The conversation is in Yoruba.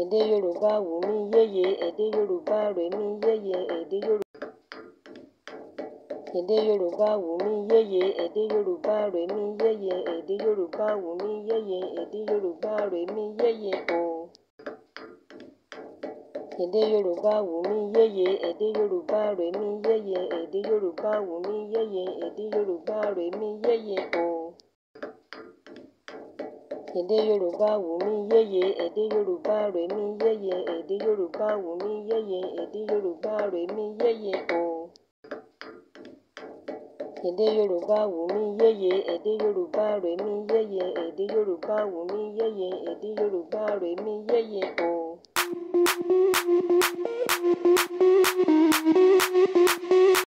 Èdè Yorùbá wù mí yéye, èdè Yorùbá rẹ̀ mí yéye, èdè Yorùbá wù mí yéye, èdè Yorùbá rẹ̀ mí yéye, èdè Yorùbá wù mí yéye, èdè Yorùbá rẹ̀ mí yéye ooo. Èdè Yorùbá wù mí yéye, èdè Yorùbá rẹ̀ mí yéye, èdè Yorùbá wù mí yéye, èdè Yorùbá rẹ̀ mí yéye ooo. Èdè Yorùbá wù mí yéye èdè Yorùbá rẹ̀ mí yéye èdè Yorùbá wù mí yéye èdè Yorùbá rẹ̀ mí yéye ooo. Èdè Yorùbá wù mí yéye èdè Yorùbá rẹ̀ mí yéye èdè Yorùbá wù mí yéye èdè Yorùbá rẹ̀ mí yéye ooo.